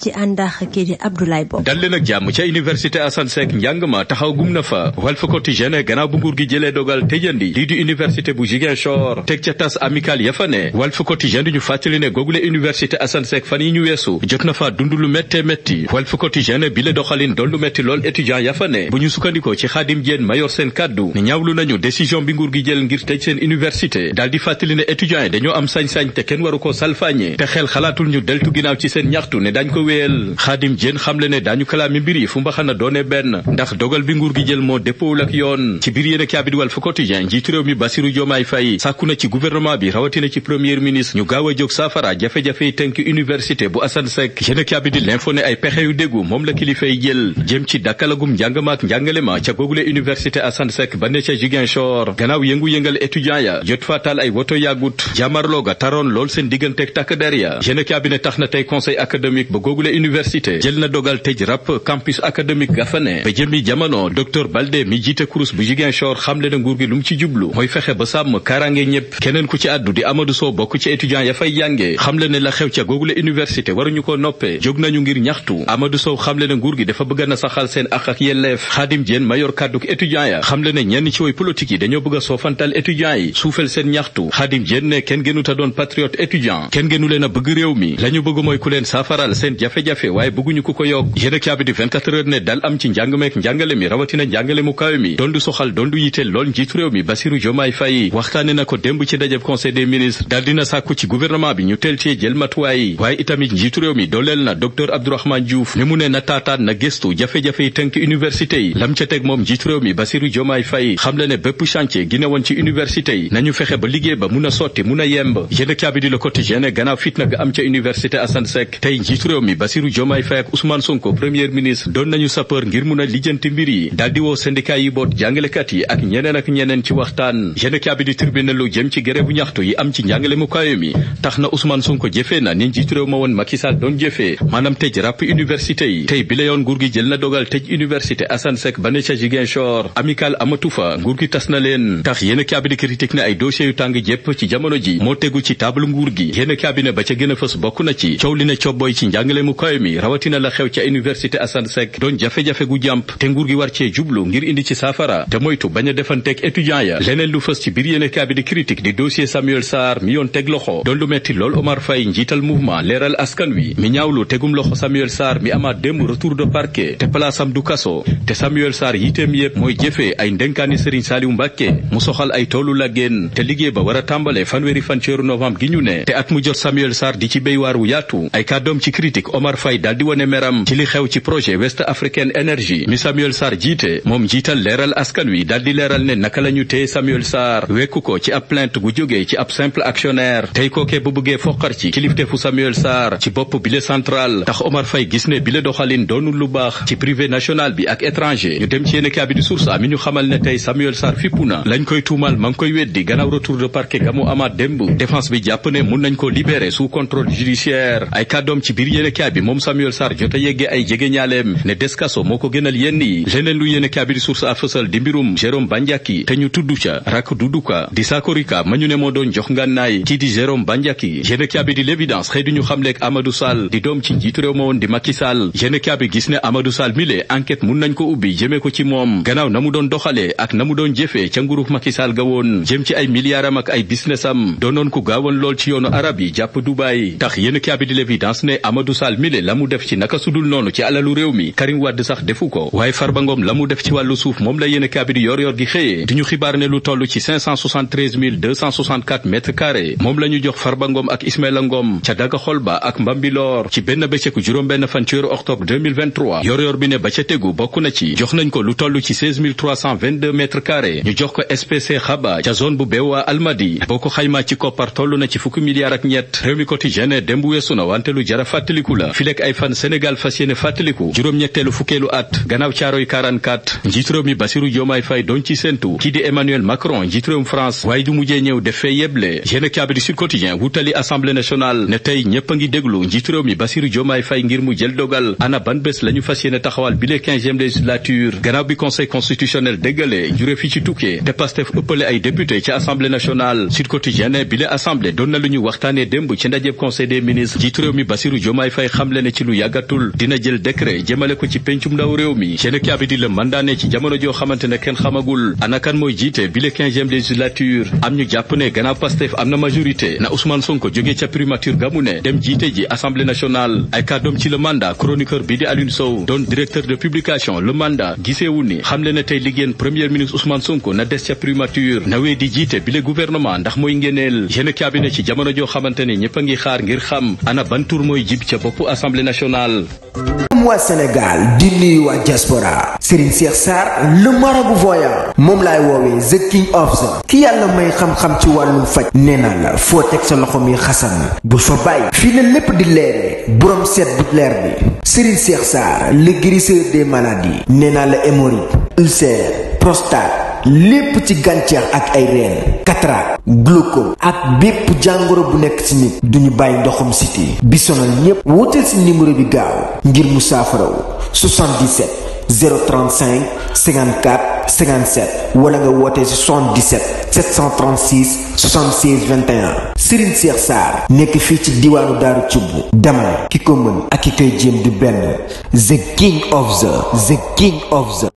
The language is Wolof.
ci ànd ak kii di Abdoulaye Bob dal leen ak jàmm ca université Assane Seck njàng ma taxaw gum na fa Walf Quotidien bu nguur gi jëlee dogal tëjandi lii di université bu Ziguinchor teg ca tas amical ya fa ne Walf Quotidien ñu fàttali ne googule université Assane Seck fan yi ñu weesu jot na fa dund lu méttee métti Walf Quotidien bi la doxalin doon lu métti lool étudiant ya fa ne bu ñu sukkandikoo ci Xaadim Diène mayor seen kàddu ne ñaawlu nañu décision bi nguur gi jël ngir tëj seen université daal di fàttali ne étudiants yi dañoo am sañ-sañ te kenn waru koo salfaañe te xel ko wéyal xaadim jén xamle ne daañu kalaami mbir yi fu mbaxana doone benn ndax dogal bi nguur gi jël moo déppoowul ak yoon ci biir yéen a kaabit Walf Quotidien njiitu réew mi Bassirou Diomaye Faye sàkku na ci gouvernement bi rawatina ci premier ministre ñu gaaw a jóg saafara jafe-jafe yi université bu Assane Seck yéen a kaabit ay pexe yu moom la kilifa jël jëm ci dakkalagum njàng ma ak njàngale ma ca googule université Assane Seck ba ne ca Ziguinchor a kaabit googule université jël na dogal tëj rap campus académique ga ba jëmi jamono docteur Balde mi jiite kurus bu Ziguinchor xamle na nguur gi lu ci jublu mooy fexe ba sàmm kaaraange ñëpp keneen ku ci àddu di Amadou Sow bokk ci étudiant ya fay jànge xamle la xew ca googule université waruñu ko noppee jóg nañu ngir ñaxtu Amadou Sow xamle nguur gi dafa bëgg saxal seen ak yelleef Xaadim Jeen mayor kàdduk étudiant ya xamle ne ci way politique yi dañoo bëgg a soofantal étudiant yi a jafe-jafe waaye bëgguñu ku ko yok yéenekaay bi di 24 heures ne dal am ci njàng meek njàngale mi rawatina njàngale mu kawe mi dondu soxal dondu yiteel lool njiitu réew mi Bassirou Diomaye Faye waxtaane na ko démb ci dajeb conseil des ministres dal dina sàkku ci gouvernement bi ñu teel cee jël matuwaay waaye itamit njiitu réew mi dooleel na docteur Abdourahmane Diouf ne mu ne na taataan na gestu jafe-jafe yi tënk université yi lam ca teg moom njiitu réew mi Bassirou Diomaye fay xam le ne bépp chantier gi ne woon ci université na nañu fexe ba liggéey ba mun a sotti mun a yemb yéenekaay bi di Le Quotidien ne am ca université Assane Seck tey njiitu mi Bassirou Diomaye Faye ak Ousmane Sonko premier ministre doon nañu sapeur ngir mun a lijjanti mbir yi daldi woo syndicat yi boot jàngalekat yi ak ñeneen ak ñeneen ci waxtaan yéenekaay bi di tribunal ci grève ñaxtu yi am ci njàngale mu kawe tax na Ousmane Sonko jëfee na ni njiitu ma woon Macky doon jëfee maanaam tëj ràpp université yi tey bi la yoon jël na dogal tëj université Assane Seck ba ca Ziguinchor amical amatu fa nguur gi tas na leen tax a njàngale mu kaw mi rawatina la xew ca université Assane Seck doon jafe-jafe gu jàmp te nguur gi war cee jublu ngir indi ci saafara te moytu bañ a defanteeg étudiant ya leneen lu fës leeral askan wi mi ñaawlu tegum Samuel Sarr mi amaat démb retour de parquet te palaasam du kaso te Samuel Sarr yiteem yépp mooy jëfee ay ndenkaani Serigne Saliou mu soxal ay toolu lageen te liggéey ba war a tàmbale fanweeri fan ceeru novembre gi ñu ne te at mu jot Samuel Sarr di ci béy waar yaatu ay kàddoom ci critique politique Omar Faye daal di wone meram ci li xew ci projet West African Energy mi Samuel Sarr jiite moom jiital leeral askan wi daal di leeral ne naka la ñu téye Samuel Sarr wekku ko ci ab plainte gu jógee ci ab simple actionnaire tey kookee bu bëggee foqar ci kilifteefu Samuel Sarr ci bopp bile central tax Omar Faye gis ne bile doxalin doonul lu baax ci privé national bi ak étranger ñu dem ci yéen a di source mi ñu xamal ne tey Samuel Sarr fippu na lañ koy tuumal ma ngi koy weddi gannaaw retour de parquet gamu amaat démb défense bi jàpp ne mun yéenekaay bi moom Samuel Sarr jot a yeggee ay jege ñaaleem ne des kaso moo ko gënal yenn yi leneen lu yéenekaay bi di source a fësal di mbirum Jérôme Bandiaki te ñu tudd ca rak duduka di sakorika ma ñu ne moo doon jox ngànnaay kii di Jérôme Bandiaki yéenekaay bi di l'évidence xëy duñu xamleek Amadou Sall di doom ci njiitu réew ma di Macky Sall yéenekaay bi gis ne Amadou Sall mi le enquête mun nañ ko ubbi jëmee ko ci moom gannaaw na doon doxalee ak na doon jëfee ca nguurub yi jàpp Dubaay tax yéenekaay bi di Sall mile la mu def ci naka sudul noonu ci alalu réew mi Karim Wade sax defu ko waaye Farba Ngom la def ci wàllu suuf moom la yéen a kaabidi yor gi xëyee di ñu xibaar ne lu toll ci 573 264 moom la jox Farba Ngom ak Ismaïla Ngom ca Daga Xolba ak Mbambilor ci benn bëccëgu juróom-benn fan ci weeru octobre 2023 bi ne ba ca tegu bokk na ci jox nañ ko lu toll ci 16 322 ñu jox ko SPC Xaba ca zone bu Bewa Almadi boo ko ci koppar fàttaliku ay fan Sénégal fas yéene fàttaliku juróom-ñetteelu fukkeelu at gannaaw caaroy 44 njiitu réew mi Bassirou Diomaye doon ci séentu kii Emmanuel Macron njiitu France waaye du mujjee ñëw defee yeble yéen a caabi Sud Quotidien wutali assemblée nationale ne tey ñépp a ngi déglu njiitu réew mi Bassirou ngir mu jël dogal ana ban bés la ñu taxawal bi le législature gannaaw bi conseil constitutionnel déggalee juree dafay xamle ne ci lu yàggatul dina jël décret jëmale ko ci pencum ndaw réew mi yéenekaay bi di la mandaane ci jamono joo xamante kenn xamagul anakan mooy jiite bi quinzième législature am ñu jàpp ne gannaaw Pastef am na majorité na Ousmane Sonko jógee ca primature ga ne dem jiite ji assemblée nationale ay kàddoom ci le mandat chroniqueur bi di Alioune Sow doon directeur de publication le mandat giseewu ni xamle na tey liggéen premier ministre Ousmane Sonko a boppu assemblée nationale. waa Sénégal di nuyu waa diaspora Serigne Cheikh Sarr le marabout voyant moom laay woowee the king of the ki yàlla may xam-xam ci wàllum faj nee naa la foo teg sa loxo mi xasan bu fa bàyyi fii la lépp di leere borom seet bu leer bi Serigne Cheikh Sarr le guérisseur des maladies nee naa la hémorroïde ulcère prostate lépp ci gàncax ak ay reen cataracte glaucome ak bépp jàngoro bu nekk ci nit duñu bàyyi ndoxum siti bi sonal ñépp wóotal ci numéro bi gaaw ngir mu saafarawu 77 035 54 57 wala nga woote ci 77 736 76 21 Serigne Cheikh Sarr nekk fii ci diwaanu Daaru Cubb dama ki ko mën ak ki koy jéem du benn the king of the the king of the